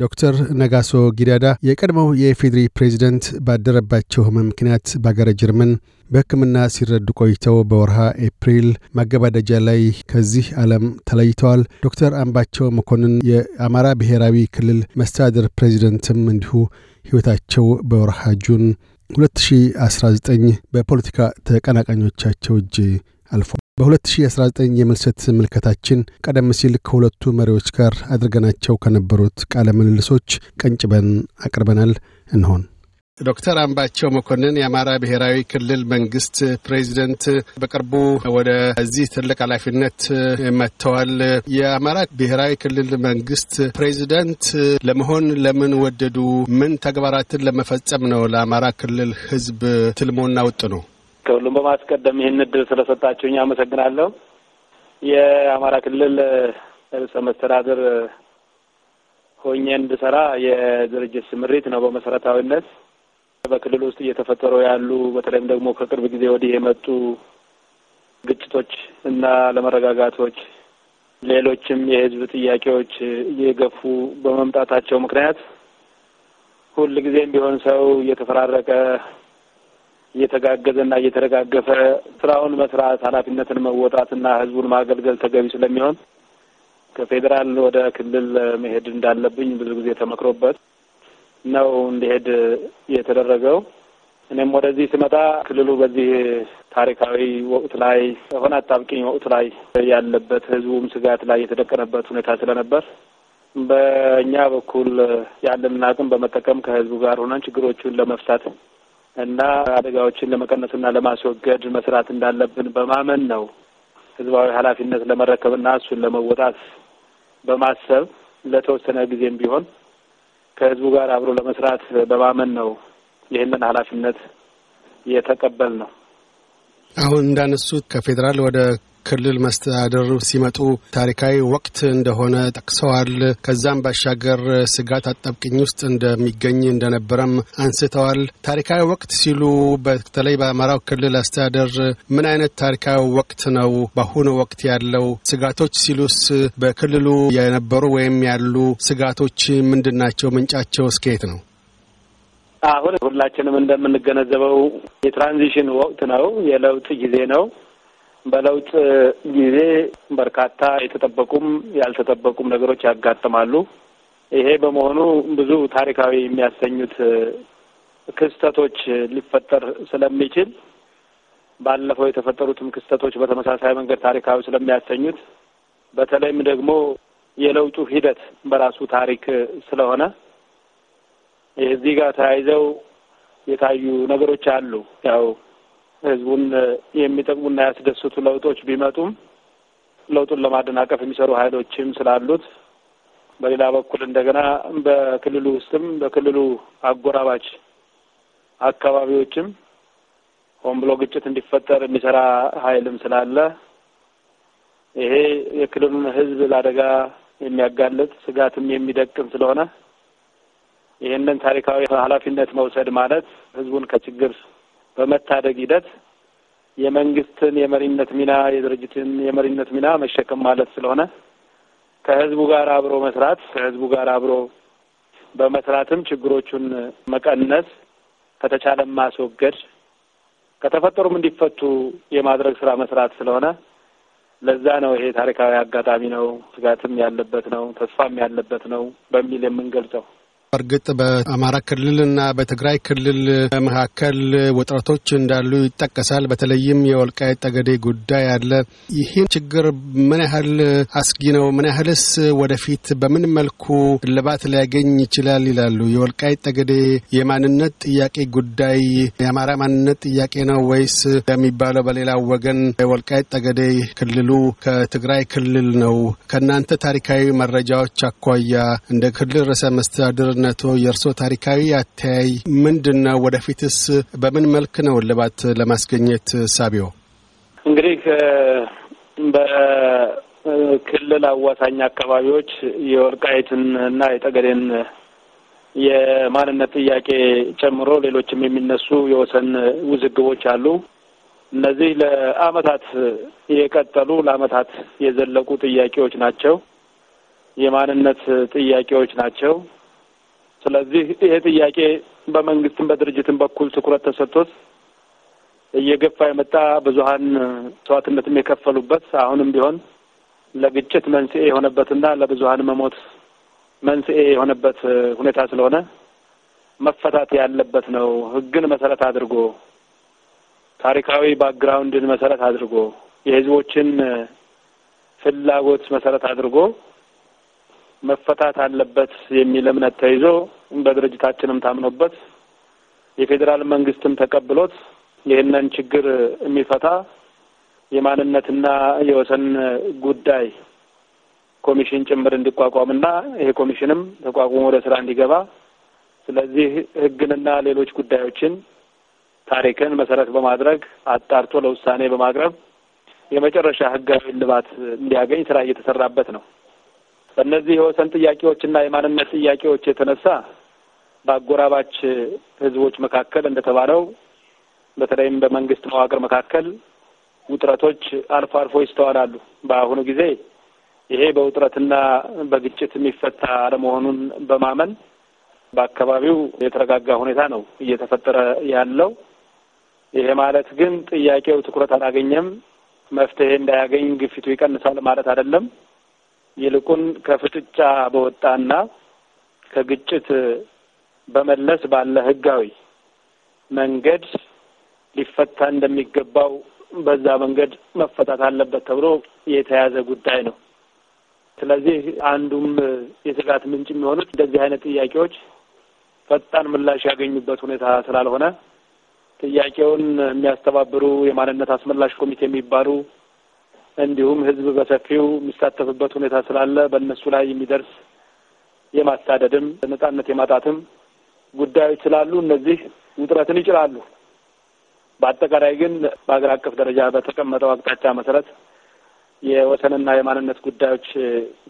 ዶክተር ነጋሶ ጊዳዳ የቀድሞው የኢፌዴሪ ፕሬዚደንት ባደረባቸው ህመም ምክንያት በአገረ ጀርመን በሕክምና ሲረዱ ቆይተው በወርሃ ኤፕሪል ማገባደጃ ላይ ከዚህ ዓለም ተለይተዋል። ዶክተር አምባቸው መኮንን የአማራ ብሔራዊ ክልል መስተዳድር ፕሬዚደንትም እንዲሁ ሕይወታቸው በወርሃ ጁን 2019 በፖለቲካ ተቀናቃኞቻቸው እጅ አልፏል። በ2019 የምልሰት ምልከታችን ቀደም ሲል ከሁለቱ መሪዎች ጋር አድርገናቸው ከነበሩት ቃለ ምልልሶች ቀንጭበን አቅርበናል። እንሆን ዶክተር አምባቸው መኮንን የአማራ ብሔራዊ ክልል መንግስት ፕሬዚደንት በቅርቡ ወደዚህ ትልቅ ኃላፊነት መጥተዋል። የአማራ ብሔራዊ ክልል መንግስት ፕሬዚደንት ለመሆን ለምን ወደዱ? ምን ተግባራትን ለመፈጸም ነው ለአማራ ክልል ህዝብ ትልሞና ውጥ ነው? ከሁሉም በማስቀደም ይህን እድል ስለሰጣችሁኝ አመሰግናለሁ። የአማራ ክልል ርዕሰ መስተዳድር ሆኜ እንድሰራ የድርጅት ስምሪት ነው። በመሰረታዊነት በክልል ውስጥ እየተፈጠሩ ያሉ በተለይም ደግሞ ከቅርብ ጊዜ ወዲህ የመጡ ግጭቶች እና ለመረጋጋቶች ሌሎችም የህዝብ ጥያቄዎች እየገፉ በመምጣታቸው ምክንያት ሁልጊዜም ቢሆን ሰው እየተፈራረቀ እየተጋገዘና እየተደጋገፈ ስራውን መስራት ኃላፊነትን መወጣትና ህዝቡን ማገልገል ተገቢ ስለሚሆን ከፌዴራል ወደ ክልል መሄድ እንዳለብኝ ብዙ ጊዜ ተመክሮበት ነው እንዲሄድ የተደረገው። እኔም ወደዚህ ስመጣ ክልሉ በዚህ ታሪካዊ ወቅት ላይ ሆነ አጣብቂኝ ወቅት ላይ ያለበት ህዝቡም ስጋት ላይ የተደቀነበት ሁኔታ ስለነበር በእኛ በኩል ያለንን አቅም በመጠቀም ከህዝቡ ጋር ሆነን ችግሮቹን ለመፍታት እና አደጋዎችን ለመቀነስና ለማስወገድ መስራት እንዳለብን በማመን ነው ህዝባዊ ኃላፊነት ለመረከብና እሱን ለመወጣት በማሰብ ለተወሰነ ጊዜም ቢሆን ከህዝቡ ጋር አብሮ ለመስራት በማመን ነው ይህንን ኃላፊነት የተቀበል ነው። አሁን እንዳነሱት ከፌዴራል ወደ ክልል መስተዳደር ሲመጡ ታሪካዊ ወቅት እንደሆነ ጠቅሰዋል። ከዛም ባሻገር ስጋት አጠብቅኝ ውስጥ እንደሚገኝ እንደነበረም አንስተዋል። ታሪካዊ ወቅት ሲሉ በተለይ በአማራው ክልል አስተዳደር ምን አይነት ታሪካዊ ወቅት ነው በአሁኑ ወቅት ያለው? ስጋቶች ሲሉስ በክልሉ የነበሩ ወይም ያሉ ስጋቶች ምንድን ናቸው? ምንጫቸው እስከየት ነው? አሁን ሁላችንም እንደምንገነዘበው የትራንዚሽን ወቅት ነው፣ የለውጥ ጊዜ ነው። በለውጥ ጊዜ በርካታ የተጠበቁም ያልተጠበቁም ነገሮች ያጋጥማሉ። ይሄ በመሆኑ ብዙ ታሪካዊ የሚያሰኙት ክስተቶች ሊፈጠር ስለሚችል ባለፈው የተፈጠሩትም ክስተቶች በተመሳሳይ መንገድ ታሪካዊ ስለሚያሰኙት በተለይም ደግሞ የለውጡ ሂደት በራሱ ታሪክ ስለሆነ እዚህ ጋር ተያይዘው የታዩ ነገሮች አሉ። ያው ህዝቡን የሚጠቅሙና ያስደስቱ ለውጦች ቢመጡም ለውጡን ለማደናቀፍ የሚሰሩ ሀይሎችም ስላሉት በሌላ በኩል እንደገና በክልሉ ውስጥም በክልሉ አጎራባች አካባቢዎችም ሆን ብሎ ግጭት እንዲፈጠር የሚሰራ ሀይልም ስላለ ይሄ የክልሉን ህዝብ ለአደጋ የሚያጋልጥ ስጋትም የሚደቅም ስለሆነ ይህንን ታሪካዊ ኃላፊነት መውሰድ ማለት ህዝቡን ከችግር በመታደግ ሂደት የመንግስትን የመሪነት ሚና የድርጅትን የመሪነት ሚና መሸከም ማለት ስለሆነ ከህዝቡ ጋር አብሮ መስራት ከህዝቡ ጋር አብሮ በመስራትም ችግሮቹን መቀነስ ከተቻለም ማስወገድ ከተፈጠሩም እንዲፈቱ የማድረግ ስራ መስራት ስለሆነ ለዛ ነው ይሄ ታሪካዊ አጋጣሚ ነው፣ ስጋትም ያለበት ነው፣ ተስፋም ያለበት ነው በሚል የምንገልጸው። እርግጥ በአማራ ክልል በትግራይ ክልል መካከል ውጥረቶች እንዳሉ ይጠቀሳል። በተለይም የወልቃይ ጠገዴ ጉዳይ አለ። ይህን ችግር ምን ያህል አስጊ ነው? ምን ያህልስ ወደፊት በምን መልኩ እልባት ሊያገኝ ይችላል ይላሉ? የወልቃይ ጠገዴ የማንነት ጥያቄ ጉዳይ የአማራ ማንነት ጥያቄ ነው ወይስ የሚባለው በሌላ ወገን የወልቃይ ጠገዴ ክልሉ ከትግራይ ክልል ነው? ከእናንተ ታሪካዊ መረጃዎች አኳያ እንደ ክልል ርዕሰ መስተዳድር ነቶ የእርሶ ታሪካዊ አተያይ ምንድን ነው? ወደፊትስ በምን መልክ ነው እልባት ለማስገኘት ሳቢዮ እንግዲህ በክልል አዋሳኝ አካባቢዎች የወልቃይትን እና የጠገዴን የማንነት ጥያቄ ጨምሮ ሌሎችም የሚነሱ የወሰን ውዝግቦች አሉ። እነዚህ ለአመታት የቀጠሉ ለአመታት የዘለቁ ጥያቄዎች ናቸው። የማንነት ጥያቄዎች ናቸው። ስለዚህ ይሄ ጥያቄ በመንግስትም በድርጅትም በኩል ትኩረት ተሰጥቶት እየገፋ የመጣ ብዙሀን ሰዋትነትም የከፈሉበት አሁንም ቢሆን ለግጭት መንስኤ የሆነበትና ለብዙሀን መሞት መንስኤ የሆነበት ሁኔታ ስለሆነ መፈታት ያለበት ነው። ህግን መሰረት አድርጎ ታሪካዊ ባክግራውንድን መሰረት አድርጎ የህዝቦችን ፍላጎት መሰረት አድርጎ መፈታት አለበት የሚል እምነት ተይዞ በድርጅታችንም ታምኖበት የፌዴራል መንግስትም ተቀብሎት ይህንን ችግር የሚፈታ የማንነትና የወሰን ጉዳይ ኮሚሽን ጭምር እንዲቋቋምና ይሄ ኮሚሽንም ተቋቁሞ ወደ ስራ እንዲገባ ስለዚህ ህግንና ሌሎች ጉዳዮችን ታሪክን መሰረት በማድረግ አጣርቶ ለውሳኔ በማቅረብ የመጨረሻ ህጋዊ እልባት እንዲያገኝ ስራ እየተሰራበት ነው። በእነዚህ የወሰን ጥያቄዎችና የማንነት ጥያቄዎች የተነሳ በአጎራባች ህዝቦች መካከል እንደተባለው በተለይም በመንግስት መዋቅር መካከል ውጥረቶች አልፎ አልፎ ይስተዋላሉ። በአሁኑ ጊዜ ይሄ በውጥረትና በግጭት የሚፈታ አለመሆኑን በማመን በአካባቢው የተረጋጋ ሁኔታ ነው እየተፈጠረ ያለው። ይሄ ማለት ግን ጥያቄው ትኩረት አላገኘም፣ መፍትሄ እንዳያገኝ ግፊቱ ይቀንሳል ማለት አይደለም። ይልቁን ከፍጥጫ በወጣና ከግጭት በመለስ ባለ ህጋዊ መንገድ ሊፈታ እንደሚገባው በዛ መንገድ መፈታት አለበት ተብሎ የተያዘ ጉዳይ ነው። ስለዚህ አንዱም የስጋት ምንጭ የሚሆኑት እንደዚህ አይነት ጥያቄዎች ፈጣን ምላሽ ያገኙበት ሁኔታ ስላልሆነ ጥያቄውን የሚያስተባብሩ የማንነት አስመላሽ ኮሚቴ የሚባሉ እንዲሁም ህዝብ በሰፊው የሚሳተፍበት ሁኔታ ስላለ በእነሱ ላይ የሚደርስ የማሳደድም ነጻነት የማጣትም ጉዳዮች ስላሉ እነዚህ ውጥረትን ይጭራሉ። በአጠቃላይ ግን በሀገር አቀፍ ደረጃ በተቀመጠው አቅጣጫ መሰረት የወሰንና የማንነት ጉዳዮች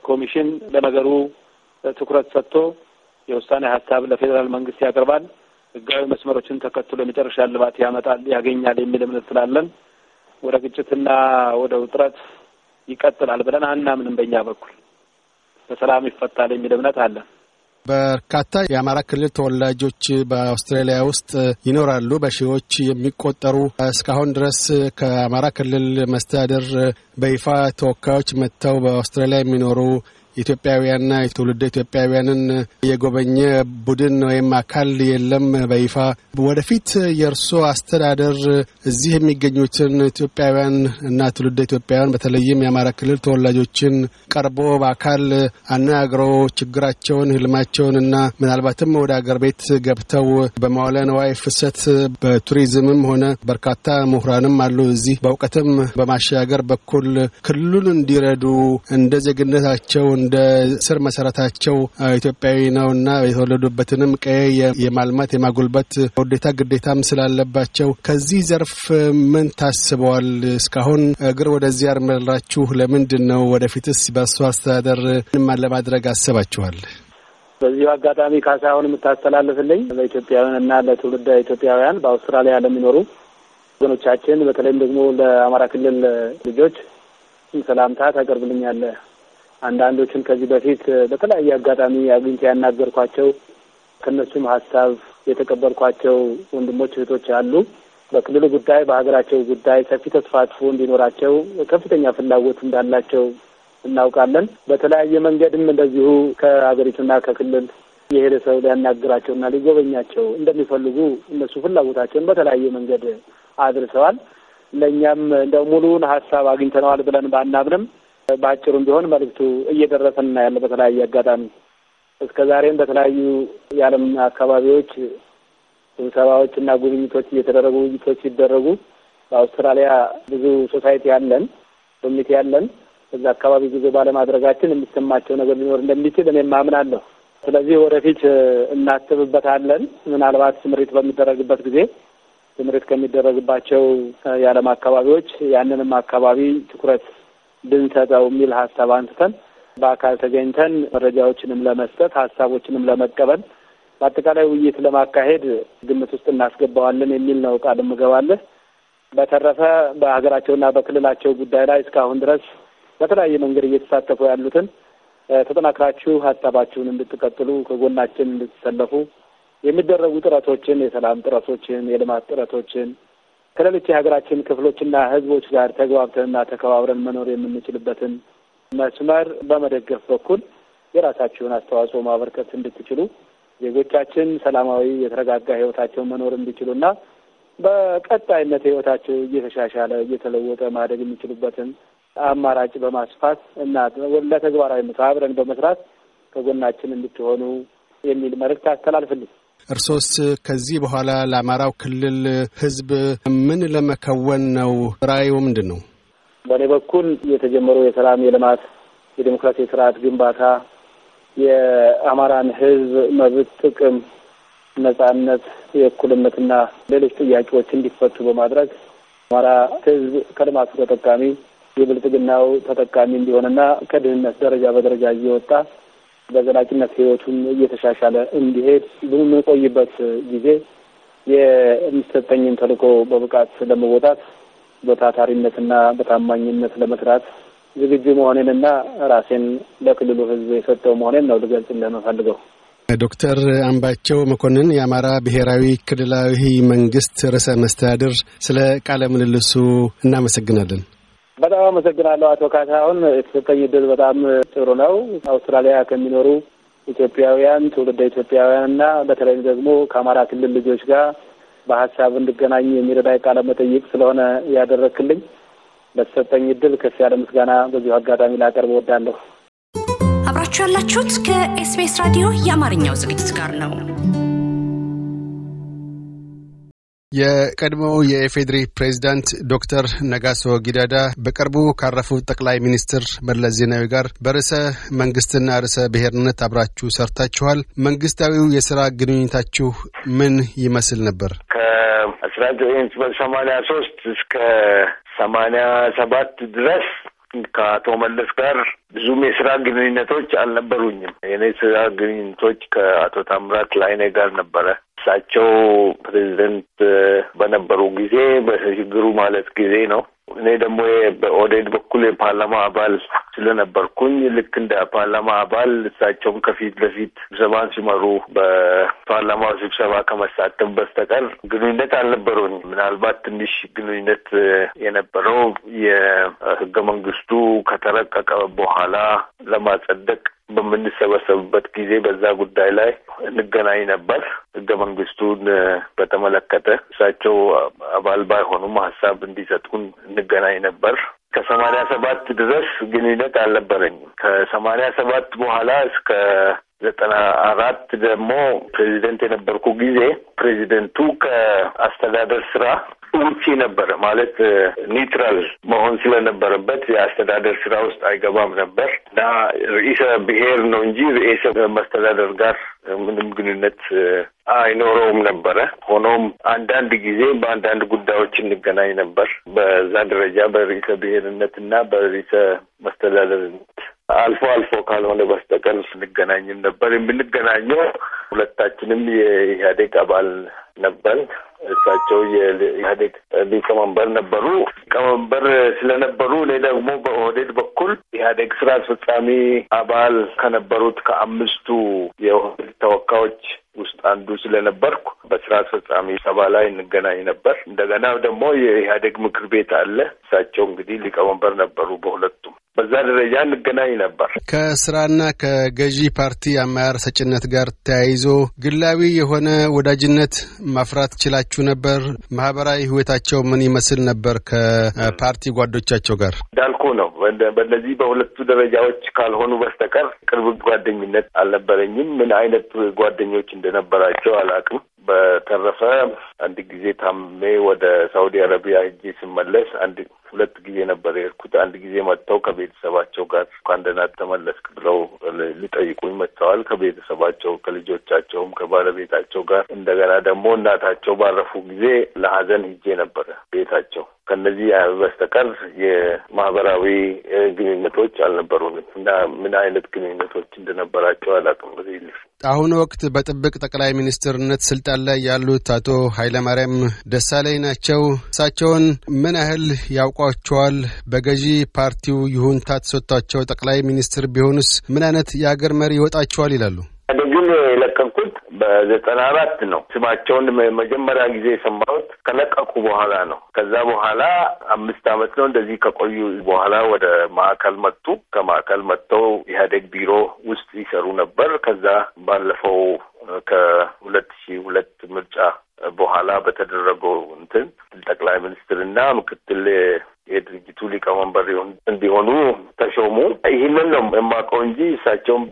ኮሚሽን ለነገሩ ትኩረት ሰጥቶ የውሳኔ ሀሳብ ለፌዴራል መንግስት ያቀርባል። ህጋዊ መስመሮችን ተከትሎ የመጨረሻ እልባት ያመጣል ያገኛል የሚል እምነት ስላለን ወደ ግጭትና ወደ ውጥረት ይቀጥላል ብለን አናምንም። በእኛ በኩል በሰላም ይፈታል የሚል እምነት አለን። በርካታ የአማራ ክልል ተወላጆች በአውስትራሊያ ውስጥ ይኖራሉ። በሺዎች የሚቆጠሩ እስካሁን ድረስ ከአማራ ክልል መስተዳደር በይፋ ተወካዮች መጥተው በአውስትራሊያ የሚኖሩ ኢትዮጵያውያንና ትውልደ ኢትዮጵያውያንን የጎበኘ ቡድን ወይም አካል የለም በይፋ። ወደፊት የእርስዎ አስተዳደር እዚህ የሚገኙትን ኢትዮጵያውያን እና ትውልደ ኢትዮጵያውያን በተለይም የአማራ ክልል ተወላጆችን ቀርቦ በአካል አነጋግሮ ችግራቸውን፣ ህልማቸውን እና ምናልባትም ወደ አገር ቤት ገብተው በመዋለ ንዋይ ፍሰት በቱሪዝምም ሆነ በርካታ ምሁራንም አሉ እዚህ በእውቀትም በማሻገር በኩል ክልሉን እንዲረዱ እንደ ዜግነታቸው እንደ ስር መሰረታቸው ኢትዮጵያዊ እና የተወለዱበትንም ቀዬ የማልማት የማጎልበት ውዴታ ግዴታም ስላለባቸው ከዚህ ዘርፍ ምን ታስበዋል? እስካሁን እግር ወደዚህ ያርመላችሁ ለምንድን ነው? ወደፊትስ በሱ አስተዳደር ምን ለማድረግ አስባችኋል? በዚሁ አጋጣሚ ካሳሁን የምታስተላልፍልኝ ለኢትዮጵያውያን እና ለትውልደ ኢትዮጵያውያን በአውስትራሊያ ለሚኖሩ ወገኖቻችን በተለይም ደግሞ ለአማራ ክልል ልጆች ሰላምታ ታቀርብልኛለህ። አንዳንዶችን ከዚህ በፊት በተለያየ አጋጣሚ አግኝቼ ያናገርኳቸው ከእነሱም ሀሳብ የተቀበልኳቸው ወንድሞች እህቶች አሉ። በክልሉ ጉዳይ በሀገራቸው ጉዳይ ሰፊ ተስፋትፎ እንዲኖራቸው ከፍተኛ ፍላጎት እንዳላቸው እናውቃለን። በተለያየ መንገድም እንደዚሁ ከሀገሪቱና ከክልል የሄደ ሰው ሊያናግራቸውና ሊጎበኛቸው እንደሚፈልጉ እነሱ ፍላጎታቸውን በተለያየ መንገድ አድርሰዋል። ለእኛም እንደ ሙሉውን ሀሳብ አግኝተነዋል ብለን ባናምንም በአጭሩም ቢሆን መልእክቱ እየደረሰን ያለ በተለያየ አጋጣሚ እስከ ዛሬም በተለያዩ የዓለም አካባቢዎች ስብሰባዎች እና ጉብኝቶች እየተደረጉ ውይይቶች ሲደረጉ በአውስትራሊያ ብዙ ሶሳይቲ ያለን ኮሚኒቲ ያለን እዛ አካባቢ ጉዞ ባለማድረጋችን የሚሰማቸው ነገር ሊኖር እንደሚችል እኔ ማምናለሁ። ስለዚህ ወደፊት እናስብበታለን። ምናልባት ስምሪት በሚደረግበት ጊዜ ስምሪት ከሚደረግባቸው የዓለም አካባቢዎች ያንንም አካባቢ ትኩረት ብንሰጠው የሚል ሀሳብ አንስተን በአካል ተገኝተን መረጃዎችንም ለመስጠት ሀሳቦችንም ለመቀበል በአጠቃላይ ውይይት ለማካሄድ ግምት ውስጥ እናስገባዋለን የሚል ነው ቃል ምገባለህ። በተረፈ በሀገራቸውና በክልላቸው ጉዳይ ላይ እስካሁን ድረስ በተለያየ መንገድ እየተሳተፉ ያሉትን ተጠናክራችሁ ሀሳባችሁን እንድትቀጥሉ ከጎናችን እንድትሰለፉ የሚደረጉ ጥረቶችን የሰላም ጥረቶችን፣ የልማት ጥረቶችን ከሌሎች የሀገራችን ክፍሎችና ህዝቦች ጋር ተግባብተንና ተከባብረን መኖር የምንችልበትን መስመር በመደገፍ በኩል የራሳችሁን አስተዋጽኦ ማበርከት እንድትችሉ ዜጎቻችን ሰላማዊ የተረጋጋ ህይወታቸውን መኖር እንዲችሉና በቀጣይነት ህይወታቸው እየተሻሻለ እየተለወጠ ማደግ የሚችሉበትን አማራጭ በማስፋት እና ለተግባራዊ አብረን በመስራት ከጎናችን እንድትሆኑ የሚል መልእክት አስተላልፍልኝ። እርሶስ ከዚህ በኋላ ለአማራው ክልል ህዝብ ምን ለመከወን ነው? ራእዩ ምንድን ነው? በእኔ በኩል የተጀመረው የሰላም የልማት የዴሞክራሲ ስርዓት ግንባታ የአማራን ህዝብ መብት፣ ጥቅም፣ ነጻነት፣ የእኩልነትና ሌሎች ጥያቄዎች እንዲፈቱ በማድረግ አማራ ህዝብ ከልማቱ ተጠቃሚ የብልጽግናው ተጠቃሚ እንዲሆንና ከድህነት ደረጃ በደረጃ እየወጣ በዘላቂነት ህይወቱን እየተሻሻለ እንዲሄድ በምንቆይበት ጊዜ የሚሰጠኝን ተልእኮ በብቃት ለመወጣት በታታሪነትና በታማኝነት ለመስራት ዝግጁ መሆኔንና ራሴን ለክልሉ ህዝብ የሰጠው መሆኔን ነው ልገልጽ እንደምፈልገው። ዶክተር አምባቸው መኮንን የአማራ ብሔራዊ ክልላዊ መንግስት ርዕሰ መስተዳድር፣ ስለ ቃለ ምልልሱ እናመሰግናለን። በጣም አመሰግናለሁ አቶ ካሳሁን። የተሰጠኝ እድል በጣም ጥሩ ነው። አውስትራሊያ ከሚኖሩ ኢትዮጵያውያን፣ ትውልደ ኢትዮጵያውያን እና በተለይም ደግሞ ከአማራ ክልል ልጆች ጋር በሀሳብ እንድገናኝ የሚረዳ ቃለ መጠይቅ ስለሆነ ያደረክልኝ ለተሰጠኝ እድል ከፍ ያለ ምስጋና በዚሁ አጋጣሚ ላቀርብ እወዳለሁ። አብራችሁ ያላችሁት ከኤስቢኤስ ራዲዮ የአማርኛው ዝግጅት ጋር ነው። የቀድሞው የኢፌዴሪ ፕሬዚዳንት ዶክተር ነጋሶ ጊዳዳ በቅርቡ ካረፉት ጠቅላይ ሚኒስትር መለስ ዜናዊ ጋር በርዕሰ መንግስትና ርዕሰ ብሔርነት አብራችሁ ሰርታችኋል። መንግስታዊው የስራ ግንኙነታችሁ ምን ይመስል ነበር? ከአስራ ዘጠኝ ሰማንያ ሶስት እስከ ሰማንያ ሰባት ድረስ ከአቶ መለስ ጋር ብዙም የስራ ግንኙነቶች አልነበሩኝም። የኔ ስራ ግንኙነቶች ከአቶ ታምራት ላይኔ ጋር ነበረ። እሳቸው ፕሬዚደንት በነበሩ ጊዜ በሽግግሩ ማለት ጊዜ ነው። እኔ ደግሞ በኦዴድ በኩል የፓርላማ አባል ስለነበርኩኝ ልክ እንደ ፓርላማ አባል እሳቸውም ከፊት ለፊት ስብሰባን ሲመሩ በፓርላማው ስብሰባ ከመሳተፍ በስተቀር ግንኙነት አልነበሩኝ። ምናልባት ትንሽ ግንኙነት የነበረው የህገ መንግስቱ ከተረቀቀ በኋላ ለማጸደቅ በምንሰበሰብበት ጊዜ በዛ ጉዳይ ላይ እንገናኝ ነበር። ህገ መንግስቱን በተመለከተ እሳቸው አባል ባይሆኑም ሀሳብ እንዲሰጡን እንገናኝ ነበር። ከሰማኒያ ሰባት ድረስ ግንኙነት አልነበረኝም። ከሰማኒያ ሰባት በኋላ እስከ ዘጠና አራት ደግሞ ፕሬዚደንት የነበርኩ ጊዜ ፕሬዚደንቱ ከአስተዳደር ስራ ውጪ ነበረ ማለት ኒውትራል መሆን ስለነበረበት የአስተዳደር ስራ ውስጥ አይገባም ነበር እና ርዕሰ ብሔር ነው እንጂ ርዕሰ መስተዳደር ጋር ምንም ግንኙነት አይኖረውም ነበረ። ሆኖም አንዳንድ ጊዜ በአንዳንድ ጉዳዮች እንገናኝ ነበር። በዛ ደረጃ በርዕሰ ብሔርነት እና በርዕሰ መስተዳደርነት አልፎ አልፎ ካልሆነ በስተቀር እንገናኝም ነበር። የምንገናኘው ሁለታችንም የኢህአዴግ አባል ነበር። እሳቸው የኢህአዴግ ሊቀመንበር ነበሩ። ሊቀመንበር ስለነበሩ እኔ ደግሞ በኦህዴድ በኩል ኢህአዴግ ስራ አስፈጻሚ አባል ከነበሩት ከአምስቱ የኦህዴድ ተወካዮች ውስጥ አንዱ ስለነበርኩ በስራ አስፈጻሚ ሰባ ላይ እንገናኝ ነበር። እንደገና ደግሞ የኢህአዴግ ምክር ቤት አለ። እሳቸው እንግዲህ ሊቀመንበር ነበሩ በሁለቱም በዛ ደረጃ እንገናኝ ነበር። ከስራና ከገዢ ፓርቲ አመራር ሰጭነት ጋር ተያይዞ ግላዊ የሆነ ወዳጅነት ማፍራት ችላችሁ ነበር? ማህበራዊ ህይወታቸው ምን ይመስል ነበር? ከፓርቲ ጓዶቻቸው ጋር እንዳልኩ ነው። በእነዚህ በሁለቱ ደረጃዎች ካልሆኑ በስተቀር ቅርብ ጓደኝነት አልነበረኝም። ምን አይነት ጓደኞች እንደነበራቸው አላውቅም። በተረፈ አንድ ጊዜ ታሜ ወደ ሳውዲ አረቢያ ሄጄ ስመለስ አንድ ሁለት ጊዜ ነበር የሄድኩት። አንድ ጊዜ መጥተው ከቤተሰባቸው ጋር እንኳን ደህና ተመለስክ ብለው ሊጠይቁኝ መጥተዋል። ከቤተሰባቸው ከልጆቻቸውም ከባለቤታቸው ጋር እንደገና ደግሞ እናታቸው ባረፉ ጊዜ ለሀዘን ሂጄ ነበረ ቤታቸው ከነዚህ በስተቀር የማህበራዊ ግንኙነቶች አልነበሩም እና ምን አይነት ግንኙነቶች እንደነበራቸው አላውቅም። አሁን ወቅት በጥብቅ ጠቅላይ ሚኒስትርነት ስልጣን ላይ ያሉት አቶ ኃይለማርያም ደሳለኝ ናቸው። እሳቸውን ምን ያህል ያውቋቸዋል? በገዢ ፓርቲው ይሁንታ ተሰጥቷቸው ጠቅላይ ሚኒስትር ቢሆኑስ ምን አይነት የአገር መሪ ይወጣቸዋል ይላሉ? ግን በዘጠና አራት ነው ስማቸውን መጀመሪያ ጊዜ የሰማሁት ከለቀቁ በኋላ ነው። ከዛ በኋላ አምስት አመት ነው እንደዚህ ከቆዩ በኋላ ወደ ማዕከል መጡ። ከማዕከል መጥተው ኢህአዴግ ቢሮ ውስጥ ይሰሩ ነበር። ከዛ ባለፈው ከሁለት ሺህ ሁለት ምርጫ በኋላ በተደረገው እንትን ጠቅላይ ሚኒስትርና ምክትል የድርጅቱ ሊቀመንበር እንዲሆኑ ተሾሙ። ይህንን ነው የማውቀው እንጂ እሳቸውም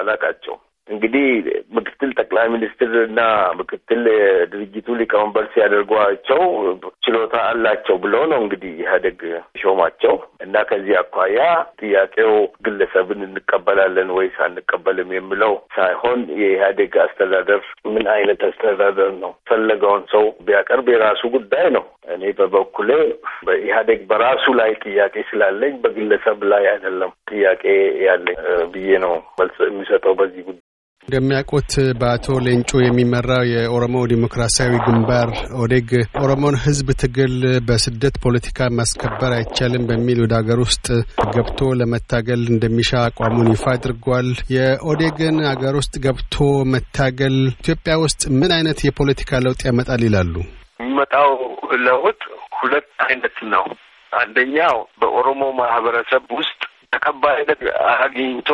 አላውቃቸውም። እንግዲህ ምክትል ጠቅላይ ሚኒስትር እና ምክትል ድርጅቱ ሊቀመንበር ሲያደርጓቸው ችሎታ አላቸው ብሎ ነው እንግዲህ ኢህአዴግ ሾማቸው እና ከዚህ አኳያ ጥያቄው ግለሰብን እንቀበላለን ወይስ አንቀበልም የሚለው ሳይሆን የኢህአዴግ አስተዳደር ምን አይነት አስተዳደር ነው ፈለገውን ሰው ቢያቀርብ የራሱ ጉዳይ ነው። እኔ በበኩሌ በኢህአዴግ በራሱ ላይ ጥያቄ ስላለኝ በግለሰብ ላይ አይደለም ጥያቄ ያለኝ ብዬ ነው መልስ የሚሰጠው በዚህ ጉዳይ። እንደሚያውቁት በአቶ ሌንጮ የሚመራው የኦሮሞ ዲሞክራሲያዊ ግንባር ኦዴግ ኦሮሞን ህዝብ ትግል በስደት ፖለቲካ ማስከበር አይቻልም በሚል ወደ ሀገር ውስጥ ገብቶ ለመታገል እንደሚሻ አቋሙን ይፋ አድርጓል። የኦዴግን ሀገር ውስጥ ገብቶ መታገል ኢትዮጵያ ውስጥ ምን አይነት የፖለቲካ ለውጥ ያመጣል ይላሉ? የሚመጣው ለውጥ ሁለት አይነት ነው። አንደኛው በኦሮሞ ማህበረሰብ ውስጥ ተቀባይነት አግኝቶ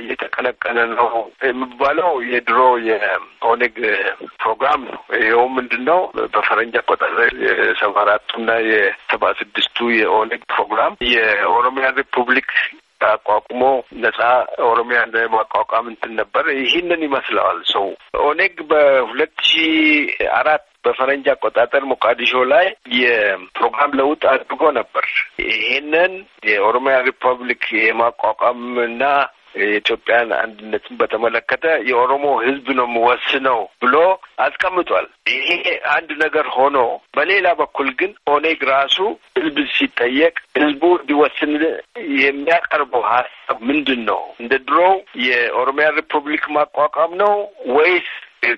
እየተቀነቀነ ነው የሚባለው የድሮ የኦነግ ፕሮግራም ነው። ይኸው ምንድን ነው በፈረንጅ አቆጣጠር የሰባ አራቱና የሰባ ስድስቱ የኦነግ ፕሮግራም የኦሮሚያ ሪፑብሊክ ተቋቁሞ ነጻ ኦሮሚያ እንደማቋቋም እንትን ነበር። ይህንን ይመስለዋል ሰው። ኦኔግ በሁለት ሺ አራት በፈረንጅ አቆጣጠር ሞቃዲሾ ላይ የፕሮግራም ለውጥ አድርጎ ነበር። ይህንን የኦሮሚያ ሪፐብሊክ የማቋቋምና የኢትዮጵያን አንድነትን በተመለከተ የኦሮሞ ህዝብ ነው የምወስነው ብሎ አስቀምጧል። ይሄ አንድ ነገር ሆኖ፣ በሌላ በኩል ግን ኦኔግ ራሱ ህዝብ ሲጠየቅ ህዝቡ እንዲወስን የሚያቀርበው ሀሳብ ምንድን ነው? እንደ ድሮው የኦሮሚያ ሪፐብሊክ ማቋቋም ነው ወይስ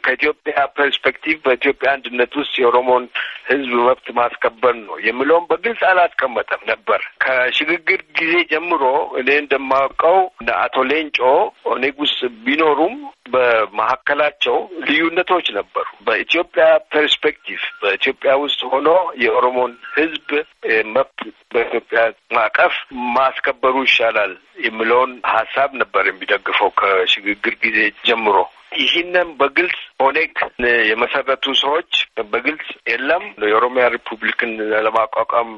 ከኢትዮጵያ ፐርስፔክቲቭ በኢትዮጵያ አንድነት ውስጥ የኦሮሞን ሕዝብ መብት ማስከበር ነው የሚለውም በግልጽ አላስቀመጠም ነበር። ከሽግግር ጊዜ ጀምሮ እኔ እንደማውቀው አቶ ሌንጮ ኦነግ ቢኖሩም በመካከላቸው ልዩነቶች ነበሩ። በኢትዮጵያ ፐርስፔክቲቭ በኢትዮጵያ ውስጥ ሆኖ የኦሮሞን ህዝብ መብት በኢትዮጵያ ማዕቀፍ ማስከበሩ ይሻላል የሚለውን ሀሳብ ነበር የሚደግፈው ከሽግግር ጊዜ ጀምሮ ይህንም በግልጽ ኦኔግ የመሰረቱ ሰዎች በግልጽ የለም የኦሮሚያ ሪፑብሊክን ለማቋቋም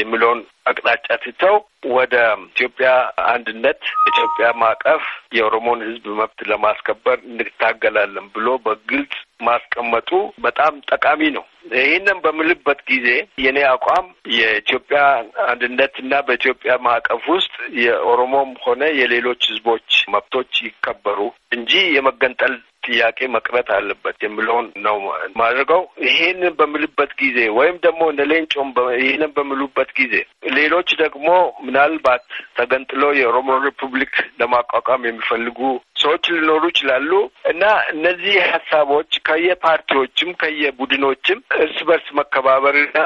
የሚለውን አቅጣጫ ትተው ወደ ኢትዮጵያ አንድነት፣ ኢትዮጵያ ማዕቀፍ የኦሮሞን ሕዝብ መብት ለማስከበር እንታገላለን ብሎ በግልጽ ማስቀመጡ በጣም ጠቃሚ ነው። ይህንን በምልበት ጊዜ የኔ አቋም የኢትዮጵያ አንድነትና በኢትዮጵያ ማዕቀፍ ውስጥ የኦሮሞም ሆነ የሌሎች ሕዝቦች መብቶች ይከበሩ እንጂ የመገንጠል ጥያቄ መቅረት አለበት የሚለውን ነው ማድርገው። ይሄንን በምልበት ጊዜ ወይም ደግሞ እንደ ሌንጮም ይህንን በምሉበት ጊዜ ሌሎች ደግሞ ምናልባት ተገንጥሎ የኦሮሞ ሪፑብሊክ ለማቋቋም የሚፈልጉ ሰዎች ሊኖሩ ይችላሉ እና እነዚህ ሀሳቦች ከየፓርቲዎችም ከየቡድኖችም እርስ በርስ መከባበርና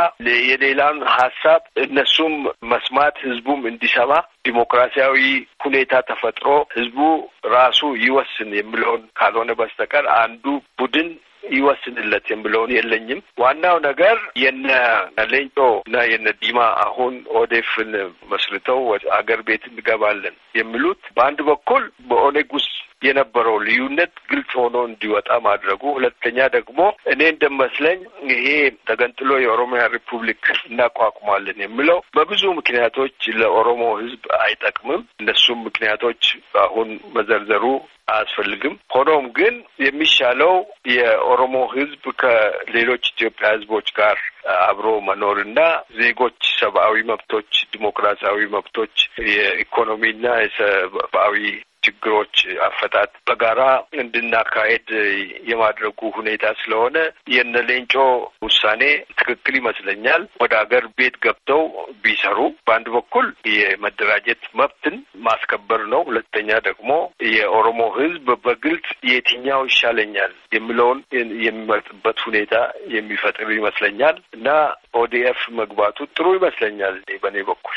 የሌላን ሀሳብ እነሱም መስማት ህዝቡም እንዲሰማ ዲሞክራሲያዊ ሁኔታ ተፈጥሮ ህዝቡ ራሱ ይወስን የሚለውን ካልሆነ በስተቀር አንዱ ቡድን ይወስንለት ብለውን የለኝም። ዋናው ነገር የነ ሌንጮ እና የነ ዲማ አሁን ኦዴፍን መስርተው አገር ቤት እንገባለን የሚሉት በአንድ በኩል በኦኔጉስ ውስጥ የነበረው ልዩነት ግልጽ ሆኖ እንዲወጣ ማድረጉ፣ ሁለተኛ ደግሞ እኔ እንደመስለኝ ይሄ ተገንጥሎ የኦሮሚያ ሪፑብሊክ እናቋቁማለን የሚለው በብዙ ምክንያቶች ለኦሮሞ ሕዝብ አይጠቅምም። እነሱም ምክንያቶች አሁን መዘርዘሩ አያስፈልግም። ሆኖም ግን የሚሻለው የኦሮሞ ህዝብ ከሌሎች ኢትዮጵያ ህዝቦች ጋር አብሮ መኖርና ዜጎች ሰብአዊ መብቶች፣ ዲሞክራሲያዊ መብቶች፣ የኢኮኖሚና የሰብአዊ ችግሮች አፈታት በጋራ እንድናካሄድ የማድረጉ ሁኔታ ስለሆነ የነ ሌንጮ ውሳኔ ትክክል ይመስለኛል። ወደ ሀገር ቤት ገብተው ቢሰሩ በአንድ በኩል የመደራጀት መብትን ማስከበር ነው። ሁለተኛ ደግሞ የኦሮሞ ሕዝብ በግልጽ የትኛው ይሻለኛል የሚለውን የሚመርጥበት ሁኔታ የሚፈጥር ይመስለኛል እና ኦዲኤፍ መግባቱ ጥሩ ይመስለኛል በእኔ በኩል።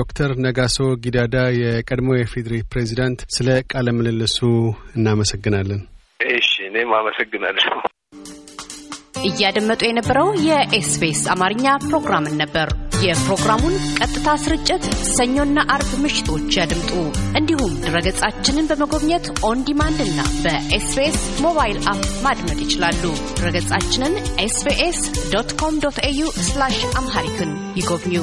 ዶክተር ነጋሶ ጊዳዳ የቀድሞ የፌዴሬ ፕሬዚዳንት፣ ስለ ቃለ ምልልሱ እናመሰግናለን። እሺ፣ እኔም አመሰግናለሁ። እያደመጡ የነበረው የኤስቢኤስ አማርኛ ፕሮግራምን ነበር። የፕሮግራሙን ቀጥታ ስርጭት ሰኞና አርብ ምሽቶች ያድምጡ። እንዲሁም ድረገጻችንን በመጎብኘት ኦን ዲማንድ እና በኤስቢኤስ ሞባይል አፕ ማድመጥ ይችላሉ። ድረገጻችንን ኤስቢኤስ ዶት ኮም ዶት ኤዩ አምሃሪክን ይጎብኙ።